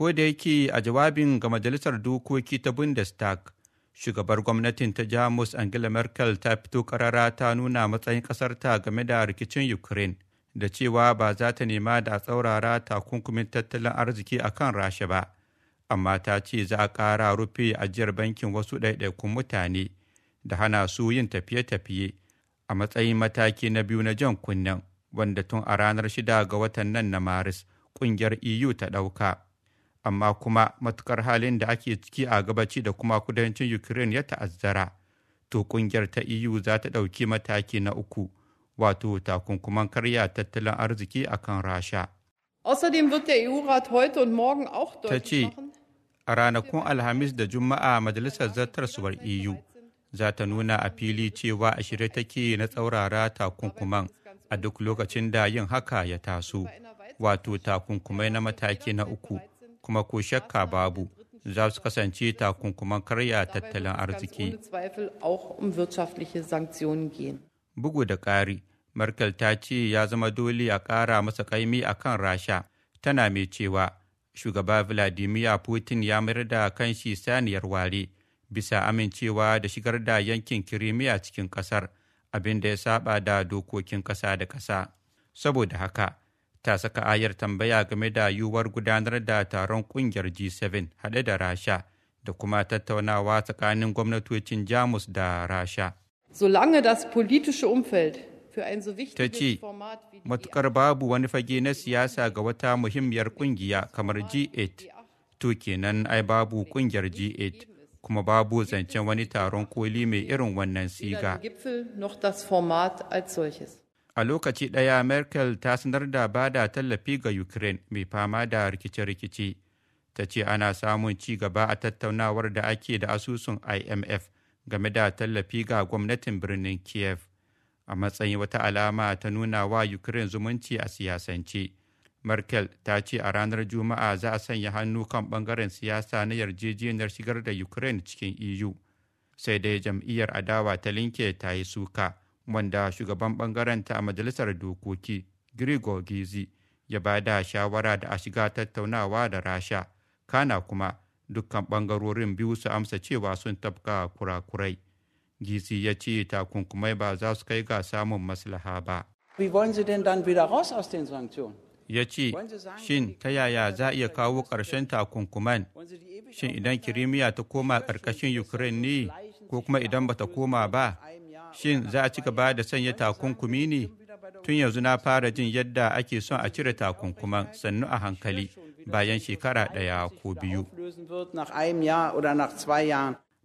ko da yake a jawabin ga majalisar dokoki ta bundestag shugabar gwamnatin ta jamus angela merkel ta fito karara ta nuna matsayin ƙasarta game da rikicin ukraine da cewa ba za ta nema da tsaurara takunkumin tattalin arziki a kan rasha ba amma ta ce za a ƙara rufe ajiyar bankin wasu ɗaiɗaikun mutane da hana su yin tafiye-tafiye a matsayin mataki na biyu na jan kunnen wanda tun a ranar shida ga watan nan na maris ƙungiyar eu ta ɗauka amma kuma matukar halin da ake ciki a gabaci da kuma kudancin ukraine ya ta'azzara to kungiyar ta eu za ta ɗauki mataki na uku wato takunkuman karya tattalin arziki akan rasha e ta ce a ranakun alhamis da juma'a majalisar zartarsuwar eu za ta nuna a fili cewa a shirye take na tsaurara takunkuman a duk lokacin da yin haka ya taso wato takunkumai na mataki na uku kuma ko shakka babu za su kasance takunkuman karya tattalin arziki. Um Bugu da ƙari, Merkel ta ce ya zama dole a ƙara masa ƙaimi a kan Rasha, tana mai cewa shugaba Vladimir Putin ya mayar da kan shi saniyar ware bisa amincewa da shigar da yankin Kirimiya cikin ƙasar, abin da ya saba da dokokin ƙasa da ƙasa. Saboda haka, ta saka ayar tambaya game da yiwuwar gudanar da taron kungiyar G7 haɗe da Rasha da kuma tattaunawa tsakanin gwamnatocin Jamus da Rasha. Solange das politische Umfeld ta ce matukar babu wani fage na siyasa ga wata muhimmiyar kungiya kamar g8 to kenan ai babu kungiyar g8 kuma babu zancen wani taron koli mai irin wannan siga a lokaci ɗaya merkel ta sanar da ba da tallafi ga ukraine mai fama da rikice-rikice ta ce ana samun ci gaba a tattaunawar da ake da asusun imf game da tallafi ga gwamnatin birnin kiev a matsayin wata alama ta nuna wa ukraine zumunci a siyasance merkel ta ce a ranar juma'a za a sanya hannu kan ɓangaren siyasa na yarjejeniyar shigar da ukraine cikin eu sai dai jam'iyyar adawa ta linke ta yi suka wanda shugaban bangaren ta a majalisar dokoki grigor gizi ya ba da shawara da a shiga tattaunawa da rasha kana kuma dukkan bangarorin biyu su amsa cewa sun tafka kurakurai gizi ya ce takunkumai ba za su kai ga samun maslaha ba ya ce shin ta yaya za a iya kawo ƙarshen takunkuman shin idan kirimiya ta koma ƙarƙashin ukraine ne ko kuma idan ba ta koma ba shin za a cika ba da sanya takunkumi ne tun yanzu na fara jin yadda ake son a cire takunkuman sannu a hankali bayan shekara ɗaya ko biyu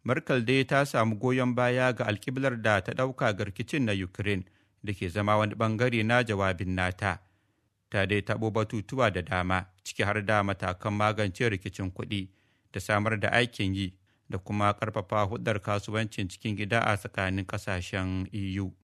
Merkel dai ta samu goyon baya ga alkiblar da ta ɗauka ga rikicin na Ukraine da ke zama wani bangare na jawabin nata. Ta dai taɓo batutuwa da dama ciki har da matakan magance rikicin kuɗi da samar da aikin yi da kuma ƙarfafa hudar kasuwancin cikin gida a tsakanin ƙasashen EU.